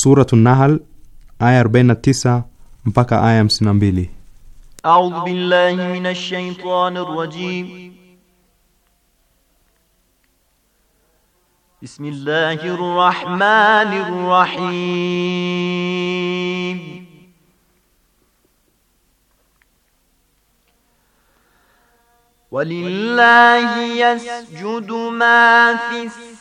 Suratu Nahl aya 49 mpaka aya 52. A'udhu billahi minash shaitani rrajim. Bismillahir rahmanir rahim. Walillahi yasjudu ma fis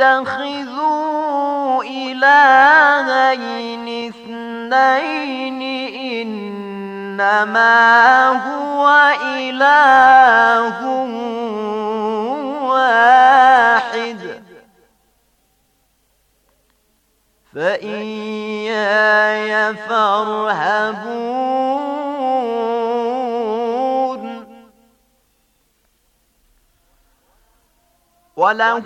اتخذوا إلهين اثنين إنما هو إله واحد فإياي فارهبون وله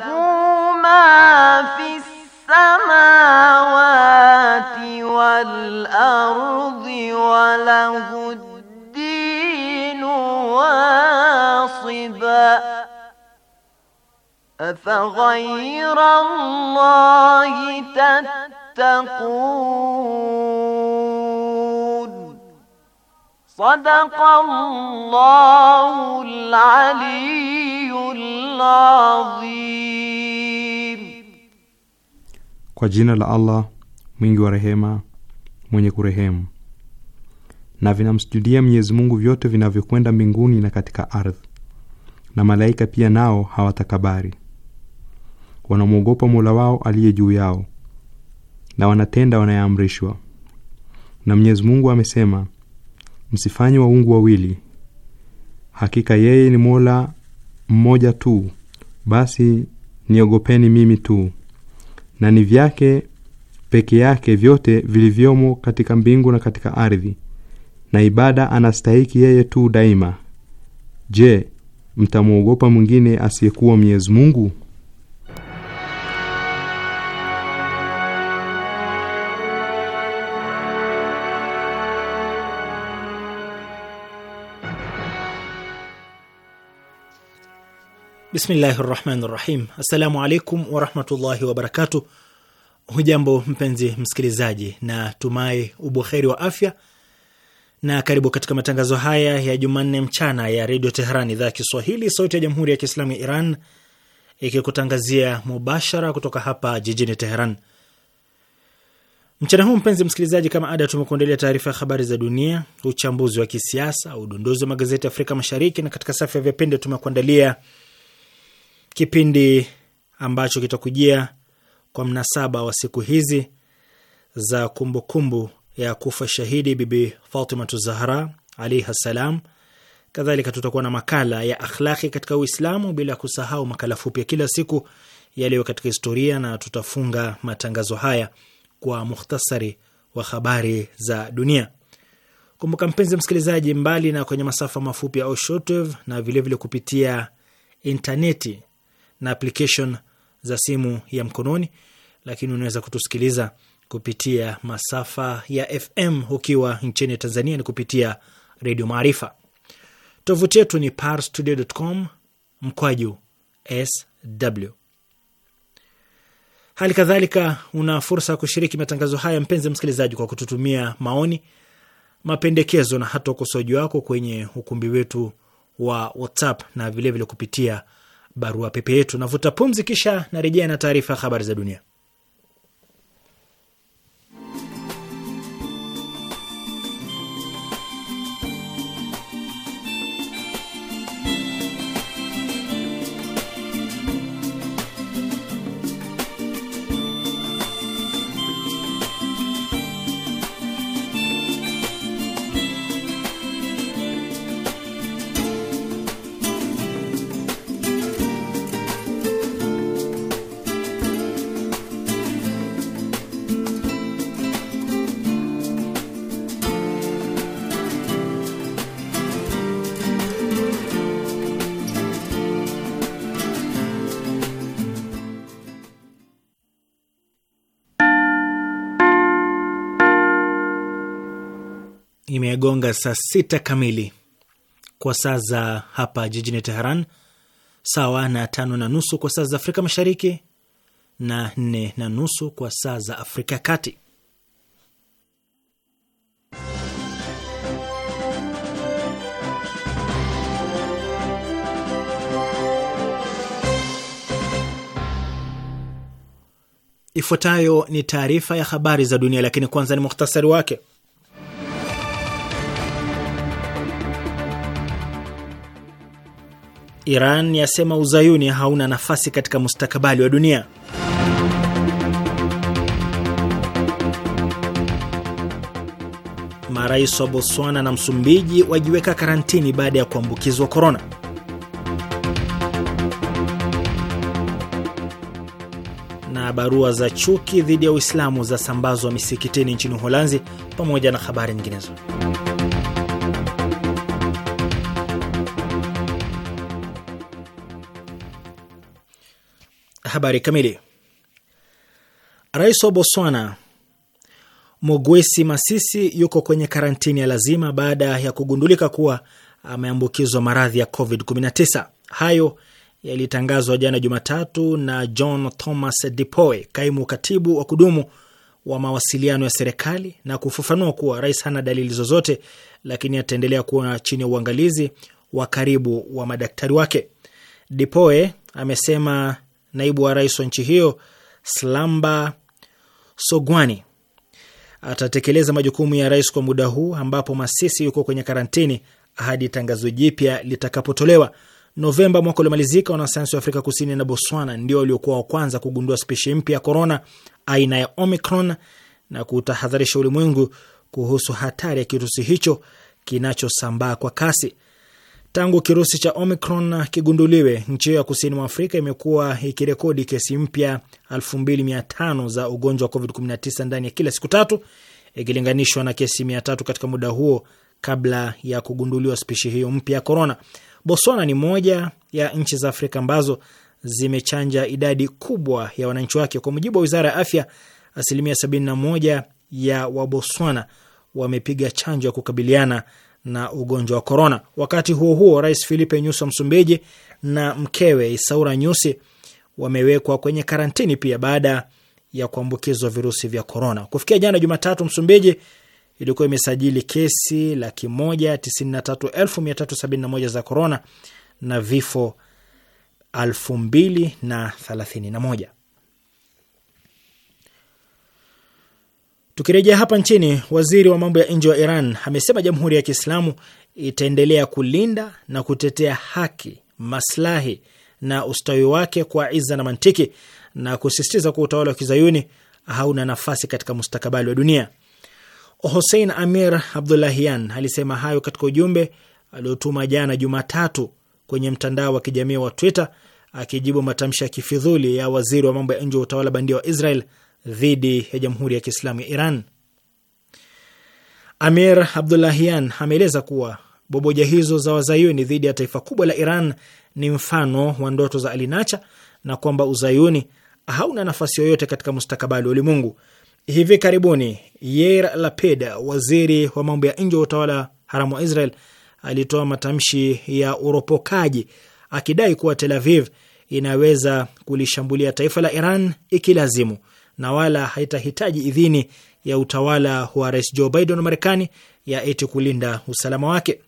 ما في السماوات والأرض وله الدين واصبا أفغير الله تتقون Sadaqallahul Aliyyul Azim. Kwa jina la Allah mwingi wa rehema mwenye kurehemu. Na vinamsujudia Mwenyezi Mungu vyote vinavyokwenda mbinguni na katika ardhi, na malaika pia nao hawatakabari, wanamwogopa Mola wao aliye juu yao, na wanatenda wanayeamrishwa na Mwenyezi Mungu amesema wa msifanye waungu wawili hakika yeye ni mola mmoja tu basi niogopeni mimi tu na ni vyake peke yake vyote vilivyomo katika mbingu na katika ardhi na ibada anastahiki yeye tu daima je mtamwogopa mwingine asiyekuwa mwenyezi mungu Bismillahi rahmani rahim. Assalamu alaikum warahmatullahi wabarakatu. Hujambo mpenzi msikilizaji, na tumai ubuheri wa afya, na karibu katika matangazo haya ya Jumanne mchana ya redio Teheran, idhaa ya Kiswahili, sauti ya jamhuri ya Kiislamu ya Iran, ikikutangazia mubashara kutoka hapa jijini Teheran. Mchana huu mpenzi msikilizaji, kama ada, tumekuandalia taarifa ya habari za dunia, uchambuzi wa kisiasa, udondozi wa magazeti ya Afrika Mashariki, na katika safu ya vipindi tumekuandalia kipindi ambacho kitakujia kwa mnasaba wa siku hizi za kumbukumbu kumbu ya kufa shahidi Bibi Fatimatu Zahra alaihi salam. Kadhalika tutakuwa na makala ya akhlaki katika Uislamu, bila kusahau makala fupi ya kila siku yaliyo katika historia, na tutafunga matangazo haya kwa mukhtasari wa habari za dunia. Kumbuka mpenzi msikilizaji, mbali na kwenye masafa mafupi ya shortwave na vilevile vile kupitia intaneti na application za simu ya mkononi, lakini unaweza kutusikiliza kupitia masafa ya FM ukiwa nchini Tanzania ni kupitia Redio Maarifa. Tovuti yetu ni parstoday.com mkwaju sw. Hali kadhalika una fursa ya kushiriki matangazo haya, mpenzi msikilizaji, kwa kututumia maoni, mapendekezo na hata ukosoaji wako kwenye ukumbi wetu wa WhatsApp na vilevile vile kupitia barua pepe yetu. Navuta pumzi, kisha narejea na taarifa ya habari za dunia. imeyagonga saa sita kamili kwa saa za hapa jijini Teheran, sawa na tano na nusu kwa saa za Afrika Mashariki na nne na nusu kwa saa za Afrika ya Kati. Ifuatayo ni taarifa ya habari za dunia, lakini kwanza ni muhtasari wake. Iran yasema uzayuni hauna nafasi katika mustakabali wa dunia. Marais wa Botswana na Msumbiji wajiweka karantini baada ya kuambukizwa korona. Na barua za chuki dhidi ya Uislamu zasambazwa misikitini nchini Uholanzi, pamoja na habari nyinginezo. Habari kamili. Rais wa Botswana Mogwesi Masisi yuko kwenye karantini ya lazima baada ya kugundulika kuwa ameambukizwa maradhi ya COVID-19. Hayo yalitangazwa jana Jumatatu na John Thomas Dipoe, kaimu katibu wa kudumu wa mawasiliano ya serikali, na kufafanua kuwa rais hana dalili zozote, lakini ataendelea kuwa chini ya uangalizi wa karibu wa madaktari wake. Dipoe amesema naibu wa rais wa nchi hiyo Slamba Sogwani atatekeleza majukumu ya rais kwa muda huu ambapo Masisi yuko kwenye karantini hadi tangazo jipya litakapotolewa. Novemba mwaka uliomalizika, wanasayansi wa Afrika Kusini na Botswana ndio waliokuwa wa kwanza kugundua spishi mpya ya korona aina ya Omicron na kutahadharisha ulimwengu kuhusu hatari ya kirusi hicho kinachosambaa kwa kasi. Tangu kirusi cha Omicron kigunduliwe, nchi hiyo ya kusini mwa Afrika imekuwa ikirekodi kesi mpya 2500 za ugonjwa wa COVID-19 ndani ya kila siku tatu ikilinganishwa na kesi 300 katika muda huo kabla ya kugunduliwa spishi hiyo mpya ya corona. Botswana ni moja ya nchi za Afrika ambazo zimechanja idadi kubwa ya wananchi wake. Kwa mujibu wa wizara ya afya, asilimia 71 ya Wabotswana wamepiga chanjo ya kukabiliana na ugonjwa wa korona. Wakati huo huo, Rais Filipe Nyusi wa Msumbiji na mkewe Isaura Nyusi wamewekwa kwenye karantini pia baada ya kuambukizwa virusi vya korona. Kufikia jana Jumatatu, Msumbiji ilikuwa imesajili kesi laki moja tisini na tatu elfu mia tatu sabini na moja za korona na vifo alfu mbili na thalathini na moja. Tukirejea hapa nchini, waziri wa mambo ya nje wa Iran amesema Jamhuri ya Kiislamu itaendelea kulinda na kutetea haki, maslahi na ustawi wake kwa iza na mantiki na kusisitiza kuwa utawala wa kizayuni hauna nafasi katika mustakabali wa dunia. Hussein Amir Abdullahian alisema hayo katika ujumbe aliotuma jana Jumatatu kwenye mtandao wa kijamii wa Twitter akijibu matamshi ya kifidhuli ya waziri wa mambo ya nje wa utawala bandia wa Israel dhidi ya Jamhuri ya Kiislamu ya Iran. Amir Abdullahian ameeleza kuwa boboja hizo za wazayuni dhidi ya taifa kubwa la Iran ni mfano wa ndoto za alinacha na kwamba uzayuni hauna nafasi yoyote katika mustakabali wa ulimwengu. Hivi karibuni Yair Lapid, waziri wa mambo ya nje wa utawala haramu wa Israel, alitoa matamshi ya uropokaji akidai kuwa Tel Aviv inaweza kulishambulia taifa la Iran ikilazimu na wala haitahitaji idhini ya utawala wa rais Joe Biden wa Marekani ya eti kulinda usalama wake.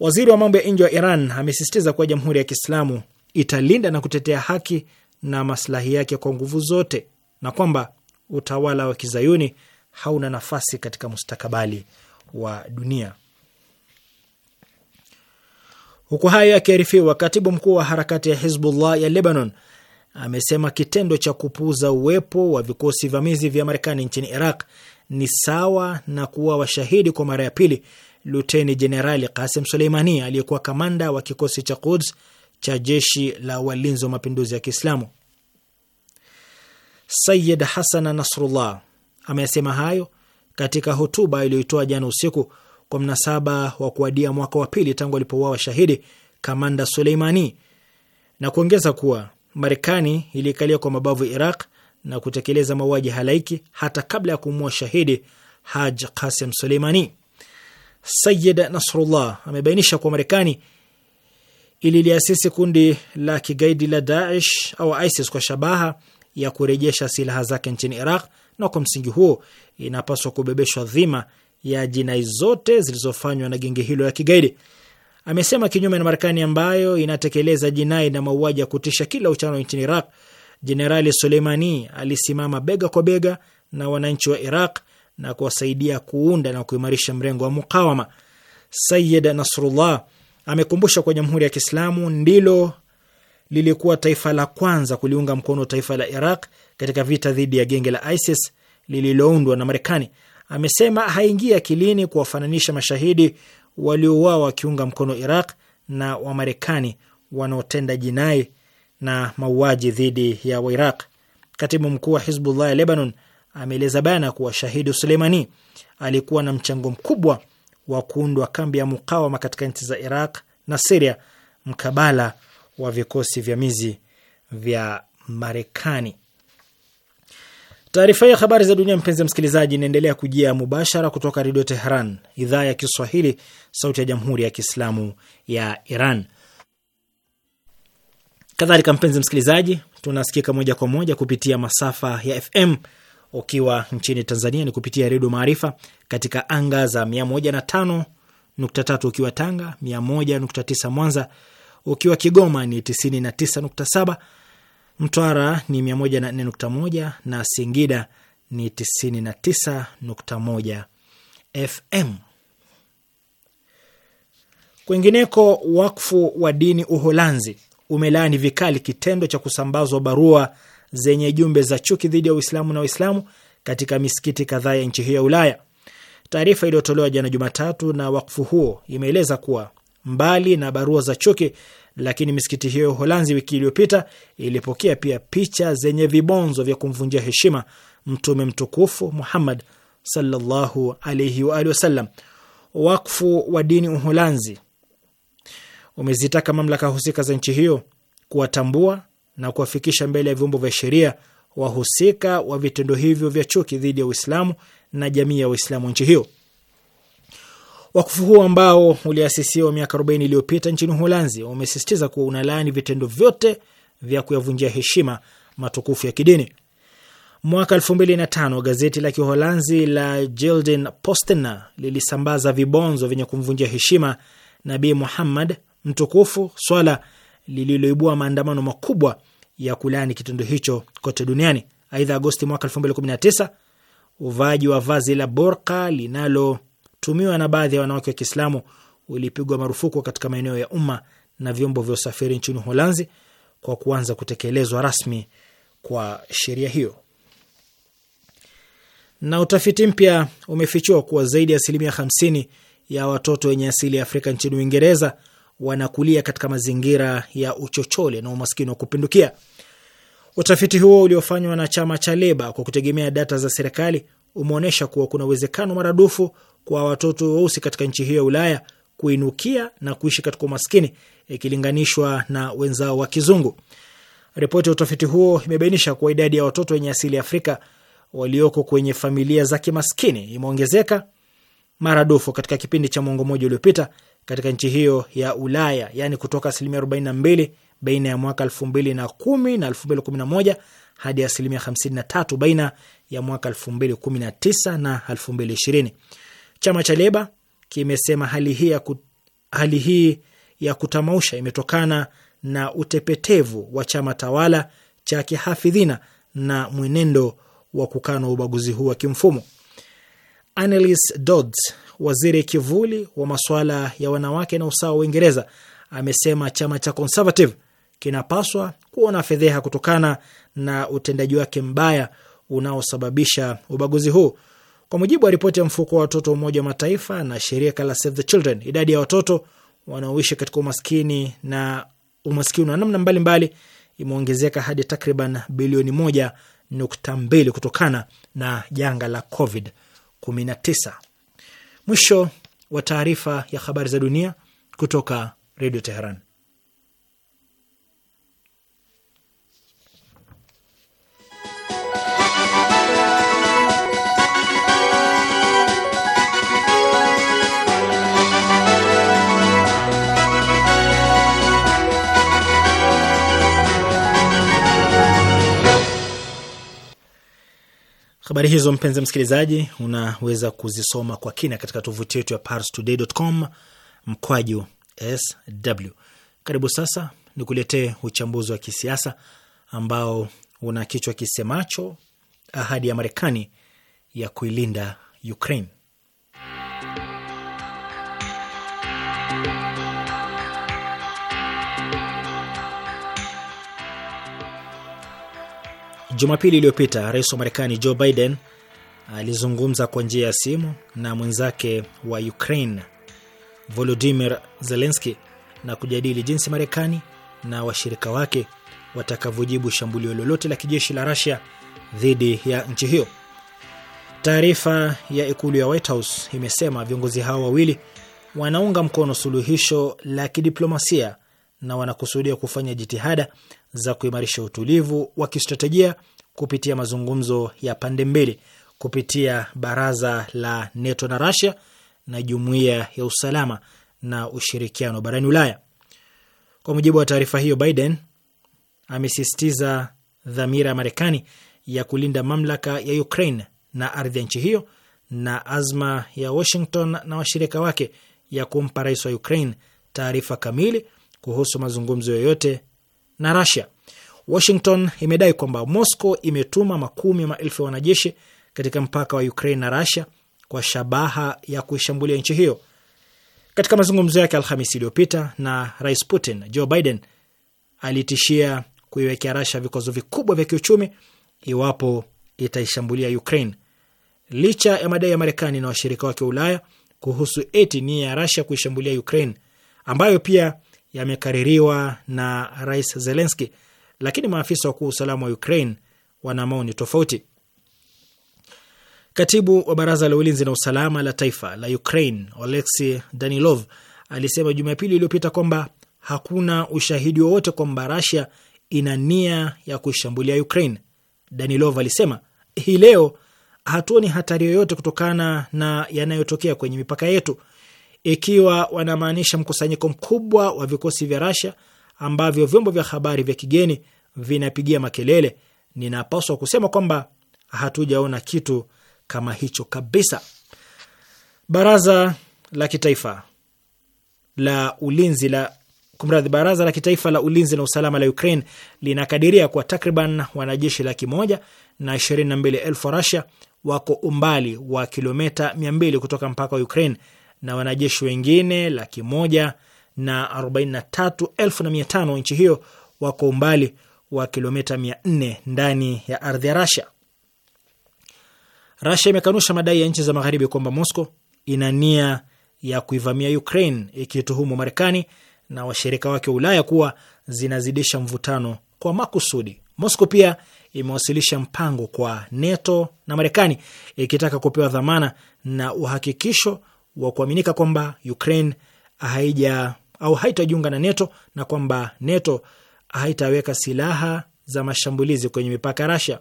Waziri wa mambo ya nje wa Iran amesisitiza kuwa Jamhuri ya Kiislamu italinda na kutetea haki na maslahi yake kwa nguvu zote na kwamba utawala wa kizayuni hauna nafasi katika mustakabali wa dunia. Huku hayo yakiarifiwa, katibu mkuu wa harakati ya Hizbullah ya Lebanon amesema kitendo cha kupuuza uwepo wa vikosi vamizi vya Marekani nchini Iraq ni sawa na kuwa washahidi kwa mara ya pili Luteni Jenerali Kasim Suleimani aliyekuwa kamanda wa kikosi cha Quds cha jeshi la walinzi wa mapinduzi ya Kiislamu. Sayid Hasana Nasrullah amesema hayo katika hotuba iliyoitoa jana usiku kwa mnasaba wa kuadia mwaka wa pili tangu alipouawa shahidi kamanda Suleimani na kuongeza kuwa Marekani iliikalia kwa mabavu Iraq na kutekeleza mauaji halaiki hata kabla ya kumua shahidi Haj Qasim Suleimani. Sayid Nasrullah amebainisha kuwa Marekani ililiasisi kundi la kigaidi la Daesh au ISIS kwa shabaha ya kurejesha silaha zake nchini Iraq, na kwa msingi huo inapaswa kubebeshwa dhima ya jinai zote zilizofanywa na genge hilo la kigaidi amesema kinyume na Marekani ambayo inatekeleza jinai na mauaji ya kutisha kila uchano nchini Iraq, Jenerali Soleimani alisimama bega kwa bega na wananchi wa Iraq na kuwasaidia kuunda na kuimarisha mrengo wa mukawama. Sayid Nasrullah amekumbusha kwa Jamhuri ya Kiislamu ndilo lilikuwa taifa la kwanza kuliunga mkono taifa la Iraq katika vita dhidi ya genge la ISIS lililoundwa na Marekani. Amesema haingia akilini kuwafananisha mashahidi waliouawa wakiunga mkono Iraq na Wamarekani wanaotenda jinai na mauaji dhidi ya Wairaq. Katibu mkuu wa Hizbullah ya Lebanon ameeleza bayana kuwa Shahidi Suleimani alikuwa na mchango mkubwa wa kuundwa kambi ya mukawama katika nchi za Iraq na Siria mkabala wa vikosi vya mizi vya Marekani. Taarifa ya habari za dunia, mpenzi msikilizaji, inaendelea kujia mubashara kutoka Redio Teheran, idhaa ya Kiswahili, sauti ya jamhuri ya kiislamu ya Iran. Kadhalika mpenzi msikilizaji, tunasikika moja kwa moja kupitia masafa ya FM. Ukiwa nchini Tanzania ni kupitia Redio Maarifa katika anga za 105.3, ukiwa Tanga 101.9, Mwanza, ukiwa Kigoma ni 99.7 Mtwara ni 104.1 na Singida ni 99.1 FM. Kwingineko, wakfu wa dini Uholanzi umelaani vikali kitendo cha kusambazwa barua zenye jumbe za chuki dhidi ya Uislamu na Waislamu katika misikiti kadhaa ya nchi hiyo ya Ulaya. Taarifa iliyotolewa jana Jumatatu na wakfu huo imeeleza kuwa mbali na barua za chuki lakini misikiti hiyo ya Uholanzi wiki iliyopita ilipokea pia picha zenye vibonzo vya kumvunjia heshima Mtume mtukufu Muhammad sallallahu alaihi wa alihi wasallam. Wakfu wa dini Uholanzi umezitaka mamlaka husika za nchi hiyo kuwatambua na kuwafikisha mbele ya vyombo vya sheria wahusika wa vitendo hivyo vya chuki dhidi ya Uislamu na jamii ya Waislamu nchi hiyo. Wakufu huo ambao uliasisiwa miaka 40 iliyopita nchini Uholanzi umesisitiza kuwa unalaani vitendo vyote vya kuyavunjia heshima matukufu ya kidini. Mwaka 2005 gazeti la Kiholanzi la Gilden Posten lilisambaza vibonzo vyenye kumvunjia heshima Nabii Muhammad mtukufu, swala lililoibua maandamano makubwa ya kulaani kitendo hicho kote duniani. Aidha, Agosti mwaka 2019 uvaaji wa vazi la burka linalo tumiwa na baadhi ya wanawake wa Kiislamu ulipigwa marufuku katika maeneo ya umma na vyombo vya usafiri nchini Uholanzi kwa kuanza kutekelezwa rasmi kwa sheria hiyo. Na utafiti mpya umefichua kuwa zaidi ya asilimia 50 ya watoto wenye asili ya Afrika nchini Uingereza wanakulia katika mazingira ya uchochole na umaskini wa kupindukia. Utafiti huo uliofanywa na chama cha Leba kwa kutegemea data za serikali umeonyesha kuwa kuna uwezekano maradufu kwa watoto weusi katika nchi hiyo ya Ulaya kuinukia na kuishi katika umaskini ikilinganishwa na wenzao wa kizungu. Ripoti ya utafiti huo imebainisha kuwa idadi ya watoto wenye asili ya Afrika walioko kwenye familia za kimaskini imeongezeka maradufu katika kipindi cha mwongo mmoja uliopita katika nchi hiyo ya Ulaya, yaani kutoka asilimia 42 baina ya mwaka 2010 na 2011 hadi asilimia 53 baina ya mwaka 2019 na 2020. Chama cha Leba kimesema hali hii ya, ku, hali hii ya kutamausha imetokana na utepetevu wa chama tawala cha kihafidhina na mwenendo wa kukanwa ubaguzi huu wa kimfumo. anelis Dodds, waziri kivuli wa masuala ya wanawake na usawa wa Uingereza, amesema chama cha Conservative kinapaswa kuona fedheha kutokana na utendaji wake mbaya unaosababisha ubaguzi huu. Kwa mujibu wa ripoti ya mfuko wa watoto wa Umoja wa Mataifa na shirika la Save the Children, idadi ya watoto wanaoishi katika umaskini na umaskini wa namna mbalimbali imeongezeka hadi takriban bilioni moja nukta mbili kutokana na janga la Covid 19. Mwisho wa taarifa ya habari za dunia kutoka Redio Teheran. Habari hizo mpenzi msikilizaji, unaweza kuzisoma kwa kina katika tovuti yetu ya parstoday.com mkwaju sw. Karibu sasa ni kuletee uchambuzi wa kisiasa ambao una kichwa kisemacho ahadi ya Marekani ya kuilinda Ukraine. Jumapili iliyopita rais wa Marekani Joe Biden alizungumza kwa njia ya simu na mwenzake wa Ukraine Volodimir Zelenski na kujadili jinsi Marekani na washirika wake watakavyojibu shambulio lolote la kijeshi la rasia dhidi ya nchi hiyo. Taarifa ya ikulu ya White House imesema viongozi hao wawili wanaunga mkono suluhisho la kidiplomasia na wanakusudia kufanya jitihada za kuimarisha utulivu wa kistratejia kupitia mazungumzo ya pande mbili kupitia baraza la NATO na Russia na jumuiya ya usalama na ushirikiano barani Ulaya. Kwa mujibu wa taarifa hiyo, Biden amesisitiza dhamira ya Marekani ya kulinda mamlaka ya Ukraine na ardhi ya nchi hiyo na azma ya Washington na washirika wake ya kumpa rais wa Ukraine taarifa kamili kuhusu mazungumzo yoyote na Russia. Washington imedai kwamba Moscow imetuma makumi maelfu ya wanajeshi katika mpaka wa Ukraine na Russia kwa shabaha ya kuishambulia nchi hiyo. Katika mazungumzo yake Alhamisi iliyopita na Rais Putin, Joe Biden alitishia kuiwekea Russia vikwazo vikubwa vya kiuchumi iwapo itaishambulia Ukraine. Licha ya madai ya Marekani na washirika wake wa Ulaya kuhusu eti nia ya Russia kuishambulia Ukraine ambayo pia yamekaririwa na Rais Zelenski, lakini maafisa wakuu usalama wa Ukraine wana maoni tofauti. Katibu wa baraza la ulinzi na usalama la taifa la Ukraine Oleksi Danilov alisema Jumapili iliyopita kwamba hakuna ushahidi wowote kwamba Rasia ina nia ya kuishambulia Ukraine. Danilov alisema hii leo hatuoni hatari yoyote kutokana na yanayotokea kwenye mipaka yetu ikiwa wanamaanisha mkusanyiko mkubwa wa vikosi vya Russia ambavyo vyombo vya habari vya kigeni vinapigia makelele, ninapaswa kusema kwamba hatujaona kitu kama hicho kabisa. Baraza la kitaifa la ulinzi la kumradhi, baraza la kitaifa la ulinzi na usalama la Ukraine linakadiria kwa takriban wanajeshi laki moja na ishirini na mbili elfu wa Russia wako umbali wa kilometa mia mbili kutoka mpaka wa Ukraine na wanajeshi wengine laki moja na arobaini na tatu elfu na mia tano wa nchi hiyo wako umbali wa kilomita mia nne ndani ya ardhi ya Rasia. Rasia imekanusha madai ya nchi za magharibi kwamba mosco ina nia ya kuivamia Ukraine, ikituhumu Marekani na washirika wake wa Ulaya kuwa zinazidisha mvutano kwa makusudi. Mosco pia imewasilisha mpango kwa NATO na Marekani ikitaka kupewa dhamana na uhakikisho wa kuaminika kwamba Ukraine haija au haitajiunga na NATO na kwamba NATO haitaweka silaha za mashambulizi kwenye mipaka ya Rasia.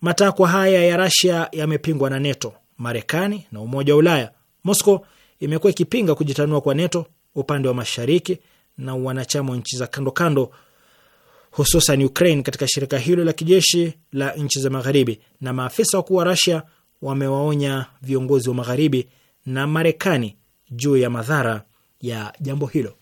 Matakwa haya ya Rasia yamepingwa na NATO, Marekani na Umoja wa Ulaya. Moscow imekuwa ikipinga kujitanua kwa NATO upande wa mashariki na wanachama wa nchi za kando kando, hususan Ukraine katika shirika hilo la kijeshi la nchi za magharibi, na maafisa wakuu wa Rasia wamewaonya viongozi wa magharibi na Marekani juu ya madhara ya jambo hilo.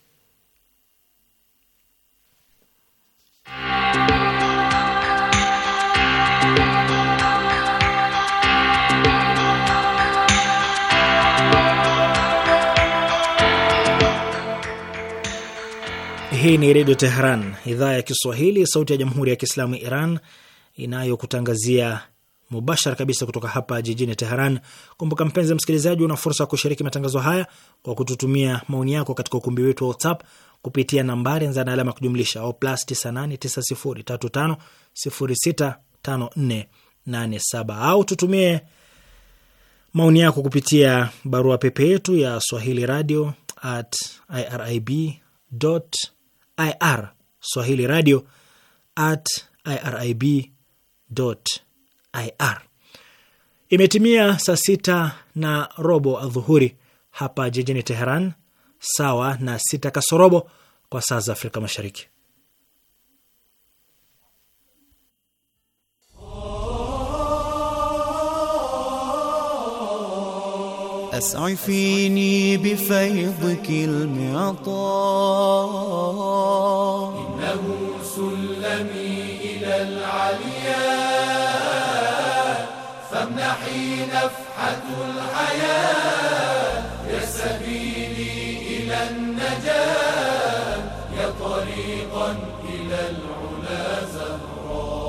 Hii ni Redio Teheran, idhaa ya Kiswahili, sauti ya Jamhuri ya Kiislamu Iran inayokutangazia mubashara kabisa kutoka hapa jijini Teheran. Kumbuka mpenzi msikilizaji, una fursa ya kushiriki matangazo haya kwa kututumia maoni yako katika ukumbi wetu wa WhatsApp kupitia nambari nza na alama ya kujumlisha o plus 989035065487 au tutumie maoni yako kupitia barua pepe yetu ya swahili radio at irib ir, swahili radio at irib IR. Imetimia saa sita na robo adhuhuri hapa jijini Teheran, sawa na sita kasorobo kwa saa za Afrika Mashariki. As'ifini innahu ila وامنحي نفحة الحياة يا سبيلي إلى النجاة يا طريقا إلى العلا زهراء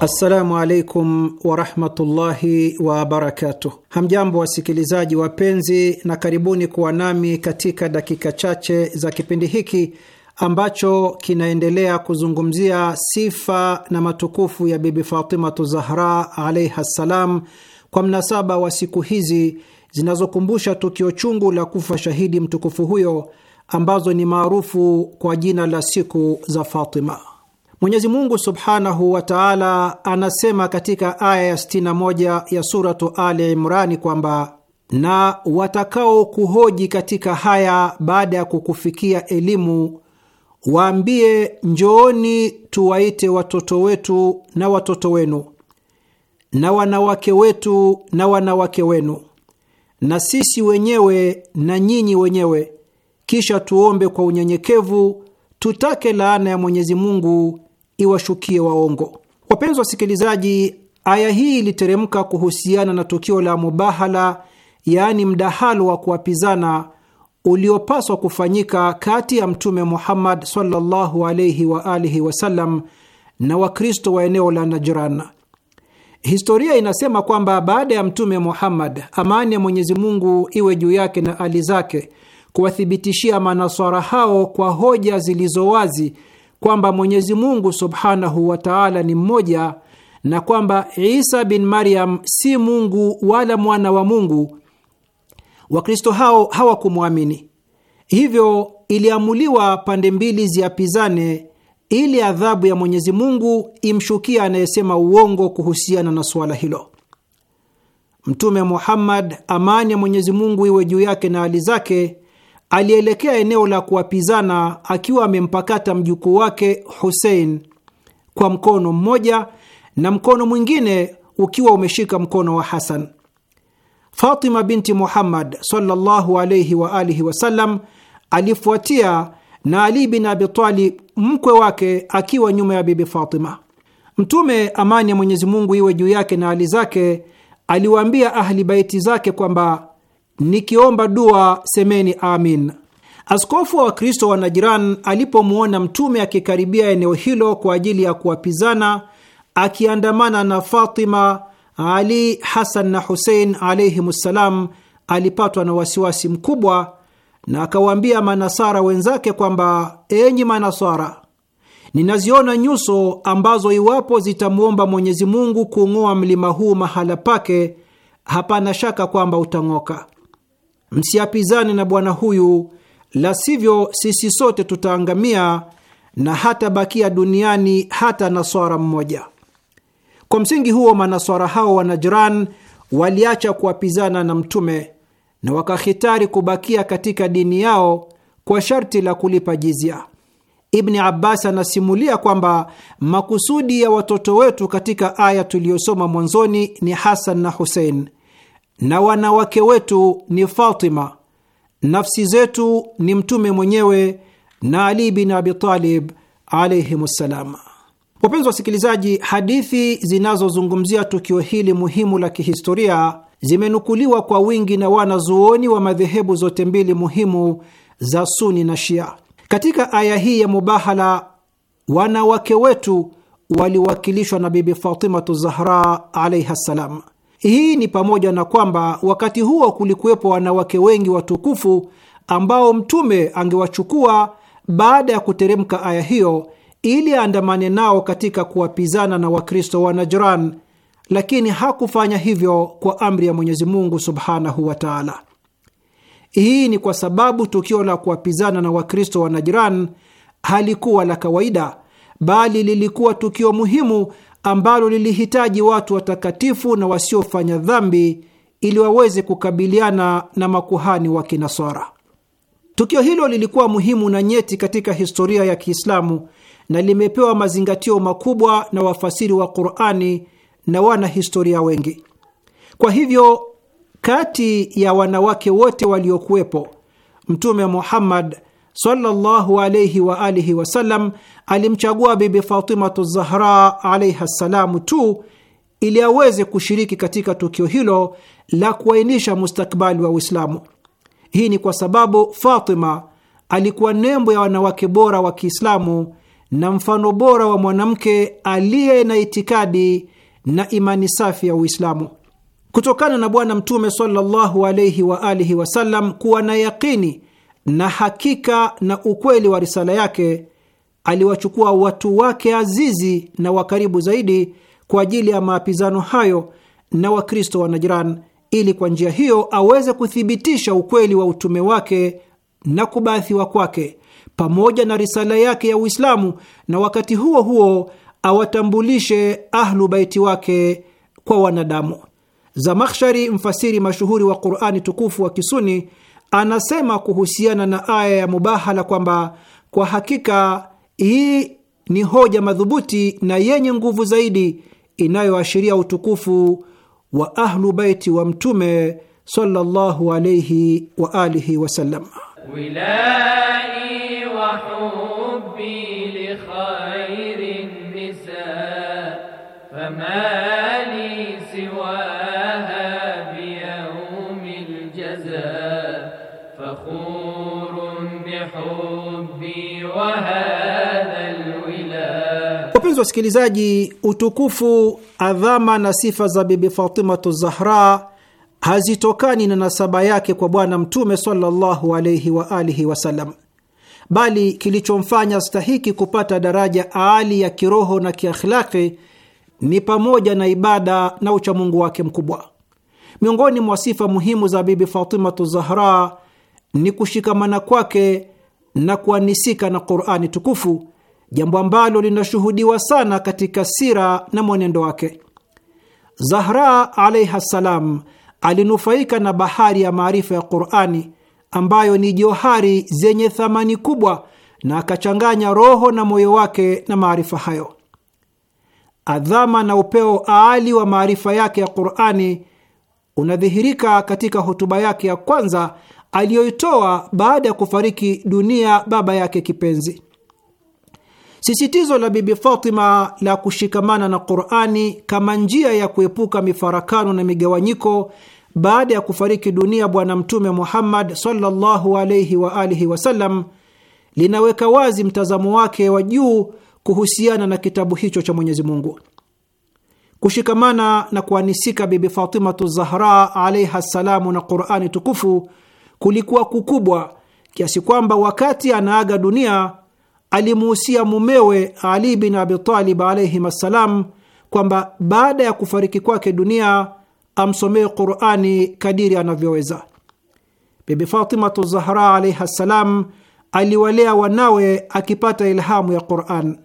Assalamu alaikum warahmatullahi wabarakatuh. Hamjambo wasikilizaji wapenzi, na karibuni kuwa nami katika dakika chache za kipindi hiki ambacho kinaendelea kuzungumzia sifa na matukufu ya Bibi Fatimatu Zahra alaiha ssalam kwa mnasaba wa siku hizi zinazokumbusha tukio chungu la kufa shahidi mtukufu huyo ambazo ni maarufu kwa jina la siku za Fatima. Mwenyezi Mungu subhanahu wa taala anasema katika aya ya 61 ya Suratu Ali Imrani kwamba na watakaokuhoji katika haya baada ya kukufikia elimu Waambie, njooni tuwaite watoto wetu na watoto wenu na wanawake wetu na wanawake wenu na sisi wenyewe na nyinyi wenyewe, kisha tuombe kwa unyenyekevu, tutake laana ya Mwenyezi Mungu iwashukie waongo. Wapenzi wasikilizaji, aya hii iliteremka kuhusiana na tukio la mubahala, yaani mdahalo wa kuapizana uliopaswa kufanyika kati ya Mtume Muhammad sallallahu alaihi wa alihi wasallam na Wakristo wa eneo la Najran. Historia inasema kwamba baada ya Mtume Muhammad, amani ya Mwenyezi Mungu iwe juu yake na ali zake, kuwathibitishia manaswara hao kwa hoja zilizo wazi kwamba Mwenyezi Mungu subhanahu wa taala ni mmoja na kwamba Isa bin Maryam si Mungu wala mwana wa Mungu Wakristo hao hawakumwamini, hivyo iliamuliwa pande mbili ziapizane ili adhabu ya Mwenyezi Mungu imshukia anayesema uongo kuhusiana na suala hilo. Mtume Muhammad, amani ya Mwenyezi Mungu iwe juu yake na hali zake, alielekea eneo la kuwapizana akiwa amempakata mjukuu wake Husein kwa mkono mmoja na mkono mwingine ukiwa umeshika mkono wa Hasan. Fatima binti Muhammad sallallahu alayhi wa alihi wasallam alifuatia na Ali bin Abi Talib mkwe wake akiwa nyuma ya Bibi Fatima. Mtume, amani ya Mwenyezi Mungu iwe juu yake na hali zake, aliwaambia ahli baiti zake kwamba nikiomba dua semeni amin. Askofu wa Wakristo wa Najiran alipomwona Mtume akikaribia eneo hilo kwa ajili ya kuwapizana akiandamana na Fatima ali Hasan na Husein alayhim ssalam alipatwa na wasiwasi mkubwa na akawaambia manasara wenzake kwamba enyi manasara, ninaziona nyuso ambazo iwapo zitamwomba Mwenyezi Mungu kuung'oa mlima huu mahala pake, hapana shaka kwamba utang'oka. Msiapizane na bwana huyu, la sivyo sisi sote tutaangamia na hata bakia duniani hata nasara mmoja. Kwa msingi huo, manaswara hao wa Najran waliacha kuwapizana na Mtume na wakahitari kubakia katika dini yao kwa sharti la kulipa jizya Ibni Abbas anasimulia kwamba makusudi ya watoto wetu katika aya tuliyosoma mwanzoni ni Hasan na Husein, na wanawake wetu ni Fatima, nafsi zetu ni Mtume mwenyewe na Ali bin Abi Talib alayhim Wapenzi wasikilizaji, hadithi zinazozungumzia tukio hili muhimu la kihistoria zimenukuliwa kwa wingi na wanazuoni wa madhehebu zote mbili muhimu za Suni na Shia. Katika aya hii ya Mubahala, wanawake wetu waliwakilishwa na Bibi Fatimatu Zahra alaiha ssalam. Hii ni pamoja na kwamba wakati huo kulikuwepo wanawake wengi watukufu ambao Mtume angewachukua baada ya kuteremka aya hiyo ili aandamane nao katika kuwapizana na Wakristo wa Najran, lakini hakufanya hivyo kwa amri ya Mwenyezi Mungu subhanahu wa taala. Hii ni kwa sababu tukio la kuwapizana na Wakristo wa Najran halikuwa la kawaida, bali lilikuwa tukio muhimu ambalo lilihitaji watu watakatifu na wasiofanya dhambi ili waweze kukabiliana na makuhani wa Kinasara. Tukio hilo lilikuwa muhimu na nyeti katika historia ya Kiislamu na limepewa mazingatio makubwa na wafasiri wa Qurani na wanahistoria wengi. Kwa hivyo, kati ya wanawake wote waliokuwepo, Mtume Muhammad sallallahu alayhi wa alihi wasallam alimchagua Bibi Fatimatu Zahra alaiha ssalamu tu ili aweze kushiriki katika tukio hilo la kuainisha mustakbali wa Uislamu. Hii ni kwa sababu Fatima alikuwa nembo ya wanawake bora wa Kiislamu na mfano bora wa mwanamke aliye na itikadi na imani safi ya Uislamu. Kutokana na Bwana Mtume sallallahu alaihi wa alihi wasallam kuwa na yakini na hakika na ukweli wa risala yake, aliwachukua watu wake azizi na wa karibu zaidi kwa ajili ya maapizano hayo na Wakristo wa Najran, ili kwa njia hiyo aweze kuthibitisha ukweli wa utume wake na kubaathiwa kwake pamoja na risala yake ya Uislamu, na wakati huo huo awatambulishe Ahlu Baiti wake kwa wanadamu. Zamakhshari, mfasiri mashuhuri wa Qurani tukufu wa Kisuni, anasema kuhusiana na aya ya Mubahala kwamba kwa hakika hii ni hoja madhubuti na yenye nguvu zaidi inayoashiria utukufu wa Ahlu Baiti wa Mtume sallallahu alayhi wa alihi wasallam. ولائي وحبي لخير النساء فما لي سواها بيوم الجزاء فخور بحبي وهذا الولاء Wapenzi wasikilizaji, utukufu, adhama na sifa za Bibi Fatimatu Zahra hazitokani na nasaba yake kwa Bwana Mtume sallallahu alaihi wa alihi wasallam, bali kilichomfanya stahiki kupata daraja aali ya kiroho na kiakhlaki ni pamoja na ibada na uchamungu wake mkubwa. Miongoni mwa sifa muhimu za Bibi Fatimatu Zahra ni kushikamana kwake na kuanisika na Qurani tukufu, jambo ambalo linashuhudiwa sana katika sira na mwenendo wake. Zahra alaihi ssalam alinufaika na bahari ya maarifa ya Qurani ambayo ni johari zenye thamani kubwa, na akachanganya roho na moyo wake na maarifa hayo. Adhama na upeo aali wa maarifa yake ya Qurani unadhihirika katika hotuba yake ya kwanza aliyoitoa baada ya kufariki dunia baba yake kipenzi. Sisitizo la Bibi Fatima la kushikamana na Qurani kama njia ya kuepuka mifarakano na migawanyiko baada ya kufariki dunia Bwana Mtume Muhammad sallallahu alaihi wa alihi wasallam linaweka wazi mtazamo wake wa juu kuhusiana na kitabu hicho cha Mwenyezi Mungu. Kushikamana na kuanisika Bibi Fatimatu Zahra alaiha ssalamu na Qurani tukufu kulikuwa kukubwa kiasi kwamba wakati anaaga dunia alimuhusia mumewe Ali bin Abitalib Talib alaihim assalam kwamba baada ya kufariki kwake dunia amsomee Qurani kadiri anavyoweza. Bibi Fatimatu Zahra alaihi ssalam aliwalea wanawe akipata ilhamu ya Quran.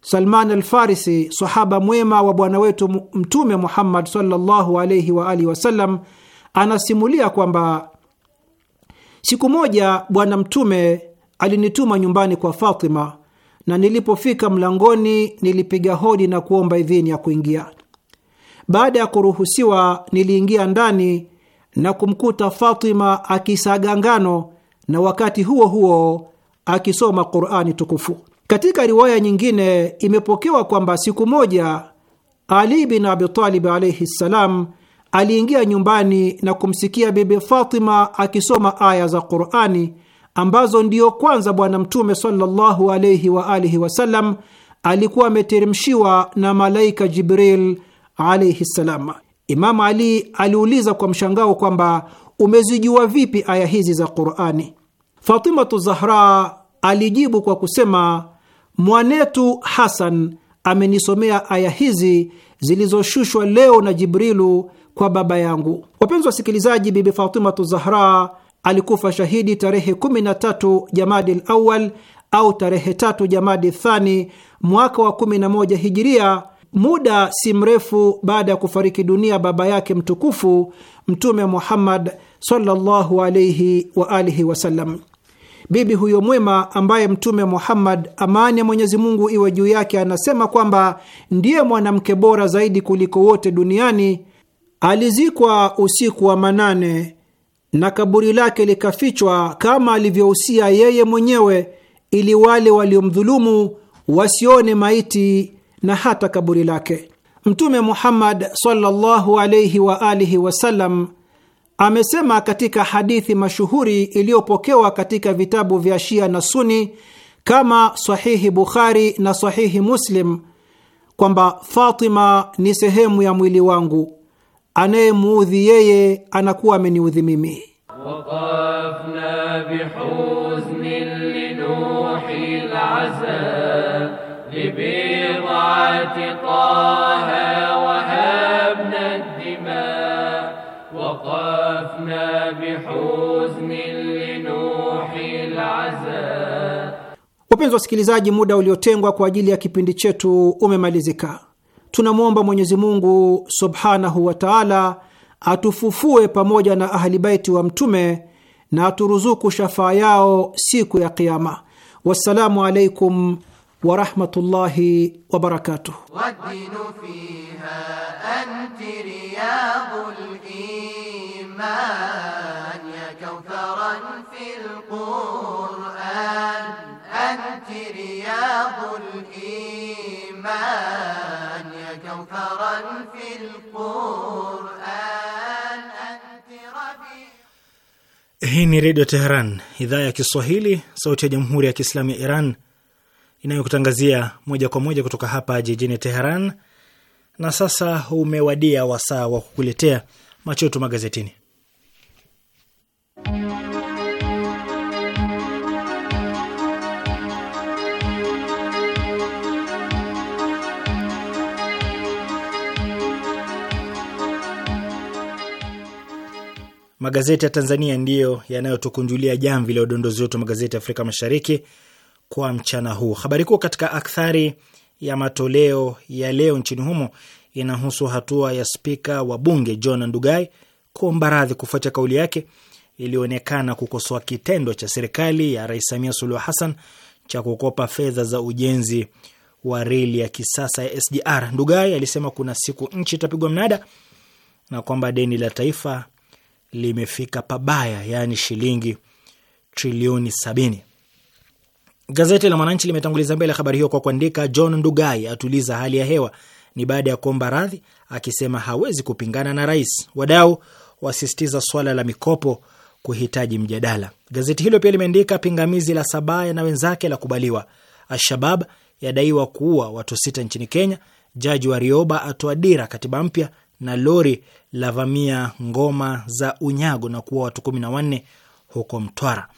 Salman Alfarisi, sahaba mwema wa bwana wetu Mtume Muhammad sallallahu alaihi wa alihi wasallam, anasimulia kwamba siku moja Bwana Mtume alinituma nyumbani kwa Fatima, na nilipofika mlangoni nilipiga hodi na kuomba idhini ya kuingia. Baada ya kuruhusiwa, niliingia ndani na kumkuta Fatima akisaga ngano na wakati huo huo akisoma Qur'ani tukufu. Katika riwaya nyingine imepokewa kwamba siku moja Ali bin Abi Talib ssalam aliingia nyumbani na kumsikia Bibi Fatima akisoma aya za Qur'ani ambazo ndiyo kwanza Bwana Mtume sallallahu alaihi wa alihi wasallam alikuwa ameteremshiwa na malaika Jibril alaihi ssalam. Imamu Ali aliuliza kwa mshangao kwamba umezijua vipi aya hizi za Qurani? Fatimatu Zahra alijibu kwa kusema, mwanetu Hasan amenisomea aya hizi zilizoshushwa leo na Jibrilu kwa baba yangu. Wapenzi wasikilizaji, Bibi Fatimatu Zahra alikufa shahidi tarehe 13 jamadi Lawal au tarehe tatu Jamadi Thani mwaka wa 11 Hijiria, muda si mrefu baada ya kufariki dunia baba yake mtukufu Mtume Muhammad sallallahu alaihi wa alihi wasallam. Bibi huyo mwema ambaye Mtume Muhammad, amani ya Mwenyezi Mungu iwe juu yake, anasema kwamba ndiye mwanamke bora zaidi kuliko wote duniani, alizikwa usiku wa manane na kaburi lake likafichwa kama alivyohusia yeye mwenyewe, ili wale waliomdhulumu wasione maiti na hata kaburi lake. Mtume Muhammad sallallahu alayhi wa alihi wasallam amesema katika hadithi mashuhuri iliyopokewa katika vitabu vya Shia na Suni kama Sahihi Bukhari na Sahihi Muslim kwamba Fatima ni sehemu ya mwili wangu anayemuudhi yeye anakuwa ameniudhi mimi. Wapenzi wasikilizaji, muda uliotengwa kwa ajili ya kipindi chetu umemalizika tunamwomba Mwenyezi Mungu subhanahu wa taala atufufue pamoja na ahli baiti wa Mtume na aturuzuku shafaa yao siku ya Kiama. Wassalamu alaikum warahmatullahi wabarakatuh. يا في Hii ni Redio Teheran, idhaa ya Kiswahili, sauti ya Jamhuri ya Kiislamu ya Iran inayokutangazia moja kwa moja kutoka hapa jijini Teheran. Na sasa umewadia wasaa wa kukuletea machoto magazetini. Magazeti ya Tanzania ndiyo yanayotukunjulia jamvi la udondozi wetu magazeti ya Afrika Mashariki kwa mchana huu. Habari kuu katika akthari ya matoleo ya leo nchini humo inahusu hatua ya spika wa bunge John Ndugai kuomba radhi kufuatia kauli yake ilionekana kukosoa kitendo cha serikali ya Rais Samia Suluhu Hassan cha kukopa fedha za ujenzi wa reli ya kisasa ya SGR. Ndugai alisema kuna siku nchi itapigwa mnada na kwamba deni la taifa limefika pabaya, yaani shilingi trilioni sabini. Gazeti la Mwananchi limetanguliza mbele habari hiyo kwa kuandika John Ndugai atuliza hali ya hewa, ni baada ya kuomba radhi akisema hawezi kupingana na rais. Wadau wasisitiza swala la mikopo kuhitaji mjadala. Gazeti hilo pia limeandika pingamizi la Sabaya na wenzake la kubaliwa. Alshabab yadaiwa kuua watu sita nchini Kenya. Jaji wa rioba atoa dira katiba mpya na lori lavamia ngoma za unyago na kuua watu kumi na wanne huko Mtwara.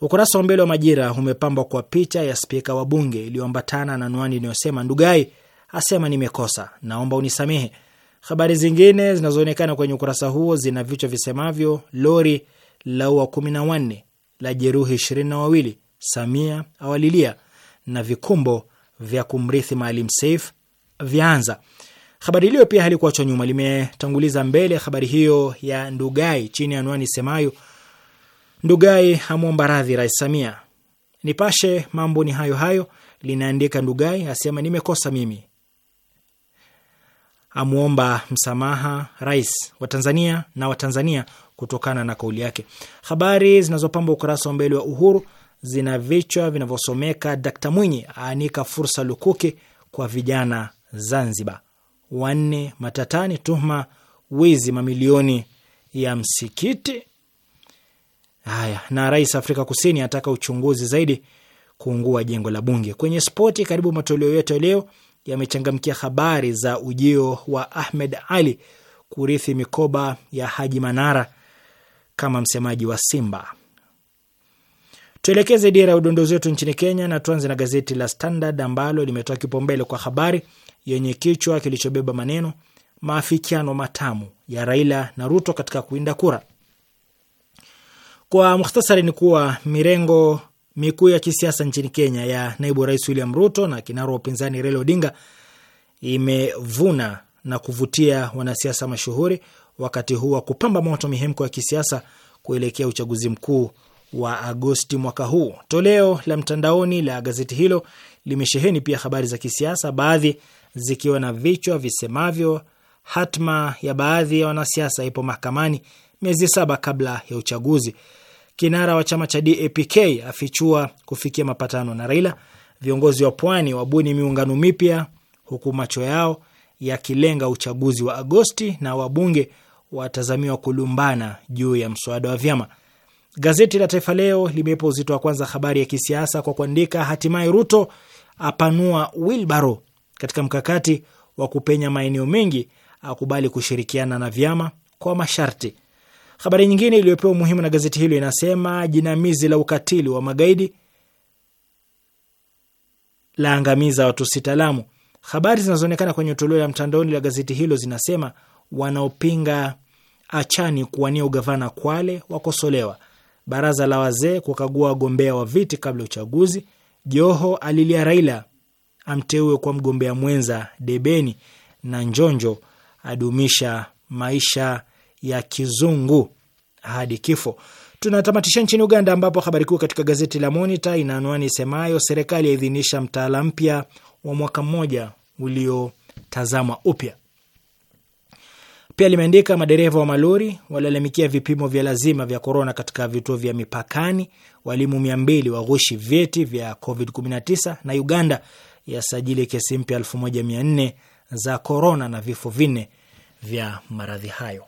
Ukurasa wa mbele wa Majira umepambwa kwa picha ya spika wa bunge iliyoambatana na anwani inayosema Ndugai asema nimekosa, naomba unisamehe. Habari zingine zinazoonekana kwenye ukurasa huo zina vichwa visemavyo lori laua kumi na wanne la jeruhi ishirini na wawili Samia awalilia na vikumbo vya kumrithi Maalim Seif vyaanza. Habari Leo pia halikuachwa nyuma, limetanguliza mbele habari hiyo ya Ndugai chini ya anwani semayo Ndugai amwomba radhi Rais Samia. Nipashe mambo ni hayo hayo, linaandika Ndugai asema nimekosa mimi, amwomba msamaha rais wa Tanzania na Watanzania kutokana na kauli yake. Habari zinazopamba ukurasa wa mbele wa Uhuru zina vichwa vinavyosomeka Dkt Mwinyi aanika fursa lukuki kwa vijana Zanzibar, wanne matatani, tuhuma wizi mamilioni ya msikiti. Haya, na rais Afrika Kusini ataka uchunguzi zaidi kuungua jengo la bunge. Kwenye spoti, karibu matoleo yetu ya leo yamechangamkia habari za ujio wa Ahmed Ali kurithi mikoba ya Haji Manara kama msemaji wa Simba. Tuelekeze dira ya udondozi wetu nchini Kenya na tuanze na gazeti la Standard ambalo limetoa kipaumbele kwa habari yenye kichwa kilichobeba maneno maafikiano matamu ya Raila na Ruto katika kuinda kura. Kwa mukhtasari, ni kuwa mirengo mikuu ya kisiasa nchini Kenya ya naibu rais William Ruto na kinara wa upinzani Raila Odinga imevuna na kuvutia wanasiasa mashuhuri wakati huu wa kupamba moto mihemko ya kisiasa kuelekea uchaguzi mkuu wa Agosti mwaka huu. Toleo la mtandaoni la gazeti hilo limesheheni pia habari za kisiasa, baadhi zikiwa na vichwa visemavyo hatma ya baadhi ya wanasiasa ipo mahakamani miezi saba kabla ya uchaguzi, kinara wa chama cha DAPK afichua kufikia mapatano na Raila, viongozi wa pwani wabuni miungano mipya huku macho yao yakilenga uchaguzi wa Agosti, na wabunge watazamiwa kulumbana juu ya mswada wa vyama. Gazeti la Taifa Leo limeipa uzito wa kwanza habari ya kisiasa kwa kuandika hatimaye Ruto apanua wilbaro katika mkakati wa kupenya maeneo mengi akubali kushirikiana na vyama kwa masharti. Habari nyingine iliyopewa umuhimu na gazeti hilo inasema jinamizi la ukatili wa magaidi la angamiza watu sita Lamu. Habari zinazoonekana kwenye toleo la mtandaoni la gazeti hilo zinasema wanaopinga achani kuwania ugavana Kwale wakosolewa, baraza la wazee kukagua wagombea wa viti kabla ya uchaguzi, Joho alilia Raila amteue kwa mgombea mwenza debeni, na Njonjo adumisha maisha ya kizungu hadi kifo. Tunatamatisha nchini Uganda, ambapo habari kuu katika gazeti la Monita ina anwani isemayo serikali yaidhinisha mtaala mpya wa mwaka mmoja uliotazamwa upya. Pia limeandika madereva wa malori walalamikia vipimo vya lazima vya korona katika vituo vya mipakani, walimu mia mbili waghushi vyeti vya COVID-19 na Uganda yasajili kesi mpya 14 za korona na vifo vinne vya maradhi hayo.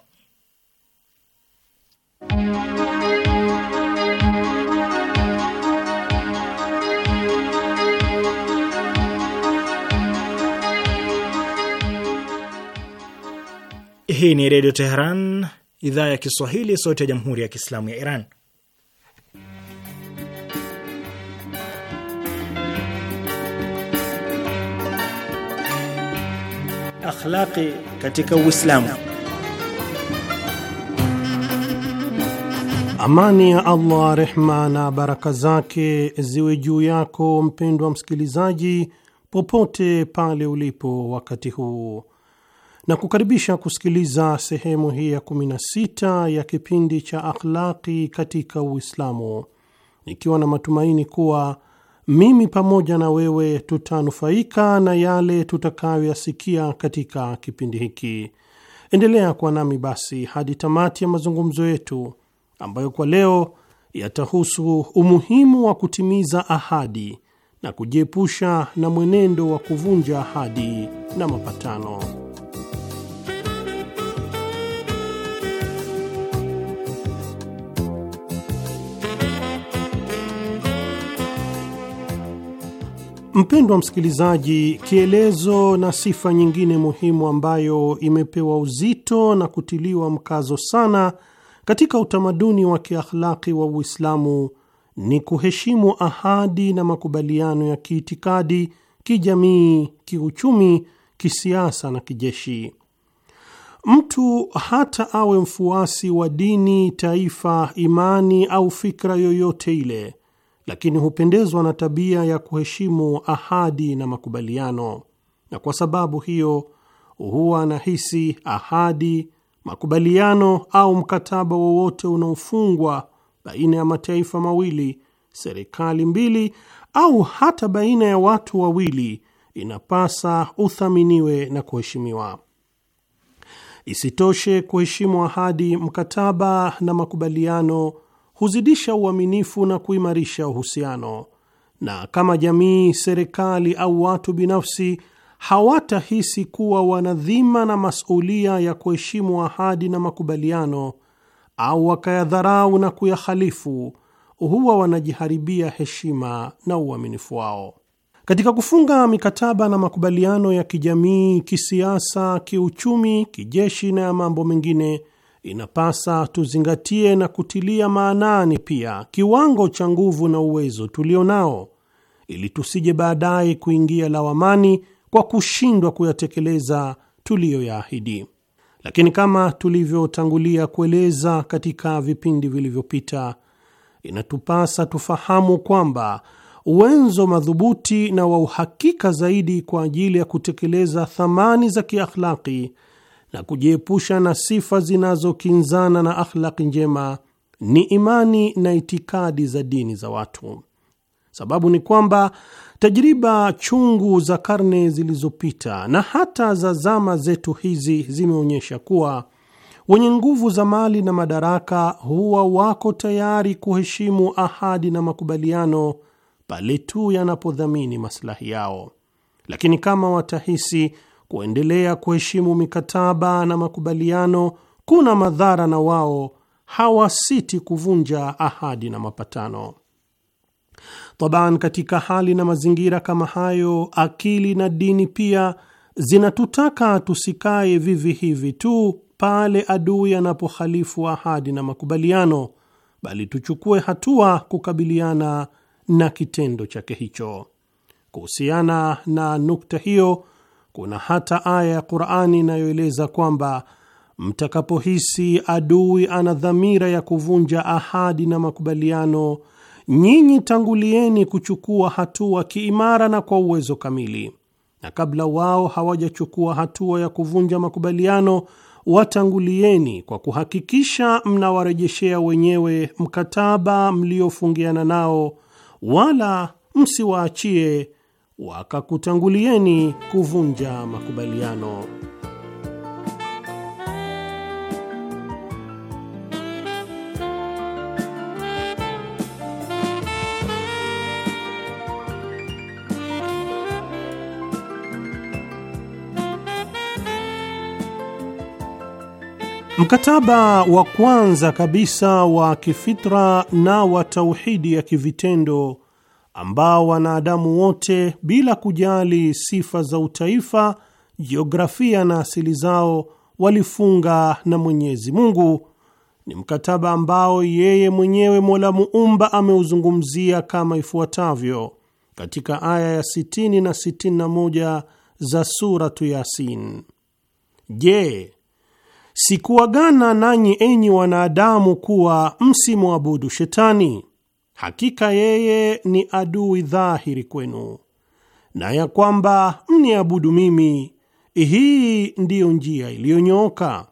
Hii ni Redio Teheran, idhaa ya Kiswahili, sauti ya Jamhuri ya Kiislamu ya Iran. akhlaqi katika Uislamu. Amani ya Allah, rehma na baraka zake ziwe juu yako mpendwa msikilizaji, popote pale ulipo wakati huu, na kukaribisha kusikiliza sehemu hii ya 16 ya kipindi cha akhlaqi katika Uislamu, ikiwa na matumaini kuwa mimi pamoja na wewe tutanufaika na yale tutakayoyasikia katika kipindi hiki. Endelea kuwa nami basi hadi tamati ya mazungumzo yetu ambayo kwa leo yatahusu umuhimu wa kutimiza ahadi na kujiepusha na mwenendo wa kuvunja ahadi na mapatano. Mpendwa msikilizaji, kielezo na sifa nyingine muhimu ambayo imepewa uzito na kutiliwa mkazo sana katika utamaduni wa kiakhlaki wa Uislamu ni kuheshimu ahadi na makubaliano ya kiitikadi, kijamii, kiuchumi, kisiasa na kijeshi. Mtu hata awe mfuasi wa dini, taifa, imani au fikra yoyote ile lakini hupendezwa na tabia ya kuheshimu ahadi na makubaliano, na kwa sababu hiyo huwa anahisi ahadi, makubaliano au mkataba wowote unaofungwa baina ya mataifa mawili, serikali mbili, au hata baina ya watu wawili inapasa uthaminiwe na kuheshimiwa. Isitoshe, kuheshimu ahadi, mkataba na makubaliano huzidisha uaminifu na kuimarisha uhusiano, na kama jamii, serikali au watu binafsi hawatahisi kuwa wanadhima na masulia ya kuheshimu ahadi na makubaliano au wakayadharau na kuyahalifu, huwa wanajiharibia heshima na uaminifu wao. Katika kufunga mikataba na makubaliano ya kijamii, kisiasa, kiuchumi, kijeshi na ya mambo mengine inapasa tuzingatie na kutilia maanani pia kiwango cha nguvu na uwezo tulio nao, ili tusije baadaye kuingia lawamani kwa kushindwa kuyatekeleza tuliyoyaahidi. Lakini kama tulivyotangulia kueleza katika vipindi vilivyopita, inatupasa tufahamu kwamba uwenzo madhubuti na wa uhakika zaidi kwa ajili ya kutekeleza thamani za kiakhlaki na kujiepusha na sifa zinazokinzana na akhlaki njema ni imani na itikadi za dini za watu. Sababu ni kwamba tajriba chungu za karne zilizopita na hata za zama zetu hizi zimeonyesha kuwa wenye nguvu za mali na madaraka huwa wako tayari kuheshimu ahadi na makubaliano pale tu yanapodhamini maslahi yao, lakini kama watahisi kuendelea kuheshimu mikataba na makubaliano kuna madhara, na wao hawasiti kuvunja ahadi na mapatano. Taban, katika hali na mazingira kama hayo, akili na dini pia zinatutaka tusikae vivi hivi tu pale adui anapohalifu ahadi na makubaliano, bali tuchukue hatua kukabiliana na kitendo chake hicho. Kuhusiana na nukta hiyo, kuna hata aya ya Qur'ani inayoeleza kwamba mtakapohisi adui ana dhamira ya kuvunja ahadi na makubaliano, nyinyi tangulieni kuchukua hatua kiimara na kwa uwezo kamili, na kabla wao hawajachukua hatua ya kuvunja makubaliano, watangulieni kwa kuhakikisha mnawarejeshea wenyewe mkataba mliofungiana nao, wala msiwaachie wakakutangulieni kuvunja makubaliano. Mkataba wa kwanza kabisa wa kifitra na wa tauhidi ya kivitendo ambao wanadamu wote bila kujali sifa za utaifa, jiografia na asili zao walifunga na Mwenyezi Mungu, ni mkataba ambao yeye mwenyewe Mola Muumba ameuzungumzia kama ifuatavyo katika aya ya 60 na 61 za Suratu Yasin: Je, sikuwagana nanyi enyi wanadamu kuwa msimwabudu shetani hakika yeye ni adui dhahiri kwenu, na ya kwamba mniabudu mimi, hii ndiyo njia iliyonyooka.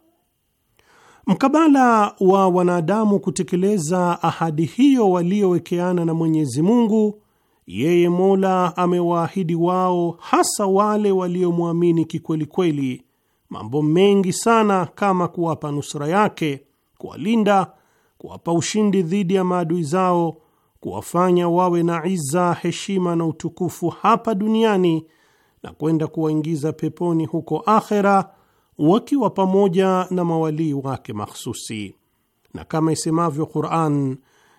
Mkabala wa wanadamu kutekeleza ahadi hiyo waliowekeana na Mwenyezi Mungu, yeye Mola amewaahidi wao, hasa wale waliomwamini kikwelikweli, mambo mengi sana kama kuwapa nusura yake, kuwalinda, kuwapa ushindi dhidi ya maadui zao kuwafanya wawe na iza, heshima na utukufu hapa duniani na kwenda kuwaingiza peponi huko akhera wakiwa pamoja na mawalii wake makhsusi Na kama isemavyo Qur'an,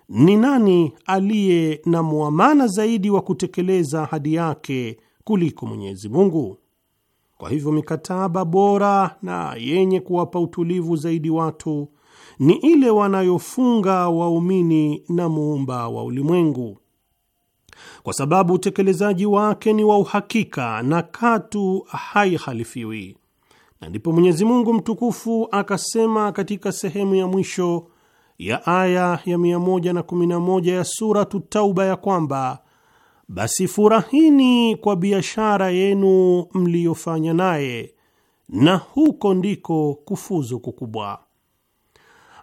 ni nani aliye na mwamana zaidi wa kutekeleza ahadi yake kuliko Mwenyezi Mungu? Kwa hivyo mikataba bora na yenye kuwapa utulivu zaidi watu ni ile wanayofunga waumini na muumba wa ulimwengu, kwa sababu utekelezaji wake ni wa uhakika na katu haihalifiwi. Na ndipo Mwenyezi Mungu mtukufu akasema katika sehemu ya mwisho ya aya ya 111 ya Suratu Tauba ya kwamba basi furahini kwa biashara yenu mliyofanya naye, na huko ndiko kufuzu kukubwa.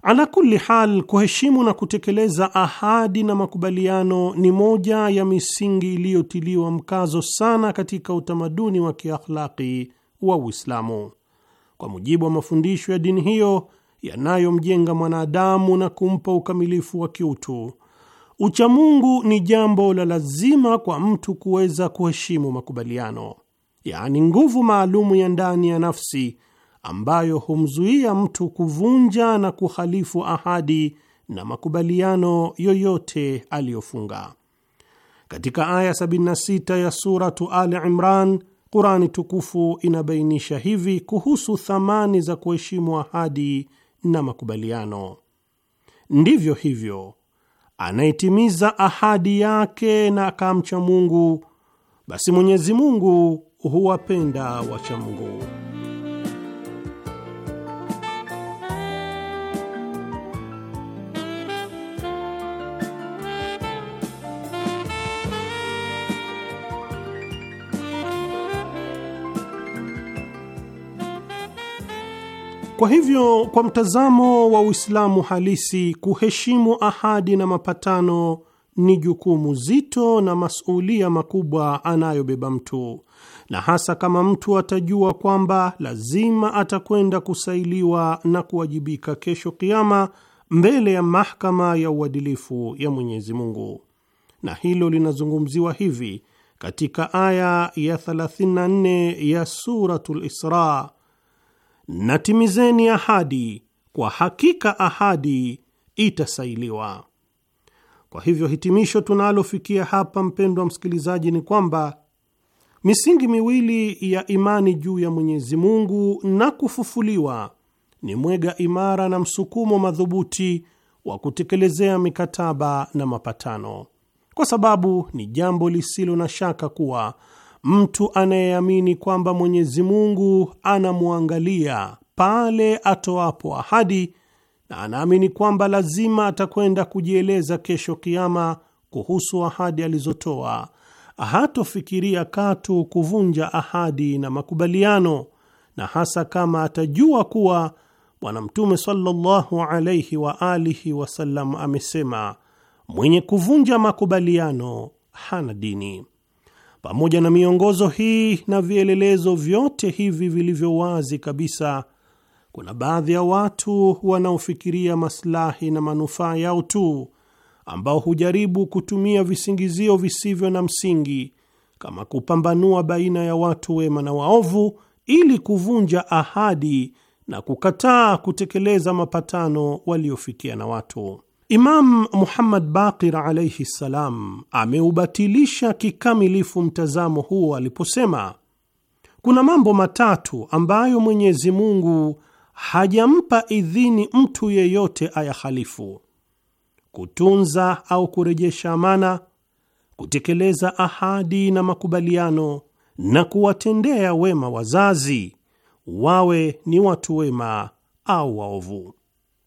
Ala kulli hal, kuheshimu na kutekeleza ahadi na makubaliano ni moja ya misingi iliyotiliwa mkazo sana katika utamaduni wa kiakhlaki wa Uislamu. Kwa mujibu wa mafundisho ya dini hiyo yanayomjenga mwanadamu na kumpa ukamilifu wa kiutu, uchamungu ni jambo la lazima kwa mtu kuweza kuheshimu makubaliano, yaani nguvu maalumu ya ndani ya nafsi ambayo humzuia mtu kuvunja na kuhalifu ahadi na makubaliano yoyote aliyofunga. Katika aya 76 ya Suratu al Imran, Qurani tukufu inabainisha hivi kuhusu thamani za kuheshimu ahadi na makubaliano: ndivyo hivyo, anayetimiza ahadi yake na akamcha Mungu, basi Mwenyezi Mungu huwapenda wachamungu. Kwa hivyo, kwa mtazamo wa Uislamu halisi, kuheshimu ahadi na mapatano ni jukumu zito na masulia makubwa anayobeba mtu, na hasa kama mtu atajua kwamba lazima atakwenda kusailiwa na kuwajibika kesho kiama mbele ya mahakama ya uadilifu ya Mwenyezi Mungu. Na hilo linazungumziwa hivi katika aya ya 34 ya Suratul Isra na timizeni ahadi, kwa hakika ahadi itasailiwa. Kwa hivyo hitimisho tunalofikia hapa, mpendwa msikilizaji, ni kwamba misingi miwili ya imani juu ya Mwenyezi Mungu na kufufuliwa ni mwega imara na msukumo madhubuti wa kutekelezea mikataba na mapatano, kwa sababu ni jambo lisilo na shaka kuwa Mtu anayeamini kwamba Mwenyezi Mungu anamwangalia pale atoapo ahadi na anaamini kwamba lazima atakwenda kujieleza kesho Kiama kuhusu ahadi alizotoa, hatofikiria katu kuvunja ahadi na makubaliano, na hasa kama atajua kuwa Bwana Mtume sallallahu alaihi wa alihi wasallam amesema, mwenye kuvunja makubaliano hana dini. Pamoja na miongozo hii na vielelezo vyote hivi vilivyo wazi kabisa, kuna baadhi ya watu wanaofikiria maslahi na manufaa yao tu, ambao hujaribu kutumia visingizio visivyo na msingi kama kupambanua baina ya watu wema na waovu ili kuvunja ahadi na kukataa kutekeleza mapatano waliofikia na watu. Imam Muhammad Baqir alaihi ssalam ameubatilisha kikamilifu mtazamo huo aliposema, kuna mambo matatu ambayo Mwenyezi Mungu hajampa idhini mtu yeyote ayahalifu: kutunza au kurejesha amana, kutekeleza ahadi na makubaliano, na kuwatendea wema wazazi, wawe ni watu wema au waovu.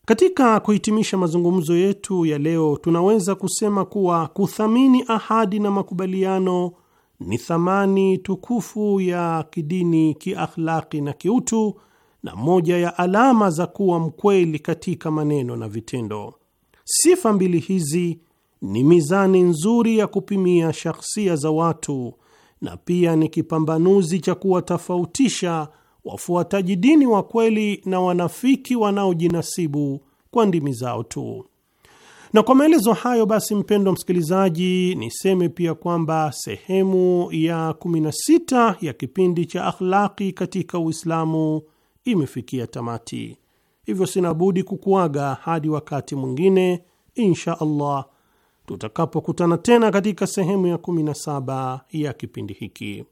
Katika kuhitimisha mazungumzo yetu ya leo, tunaweza kusema kuwa kuthamini ahadi na makubaliano ni thamani tukufu ya kidini, kiakhlaki na kiutu, na moja ya alama za kuwa mkweli katika maneno na vitendo. Sifa mbili hizi ni mizani nzuri ya kupimia shakhsia za watu na pia ni kipambanuzi cha kuwatofautisha wafuataji dini wa kweli na wanafiki wanaojinasibu kwa ndimi zao tu. Na kwa maelezo hayo basi, mpendwa msikilizaji, niseme pia kwamba sehemu ya 16 ya kipindi cha akhlaki katika Uislamu imefikia tamati, hivyo sina budi kukuaga hadi wakati mwingine insha Allah tutakapokutana tena katika sehemu ya 17 ya kipindi hiki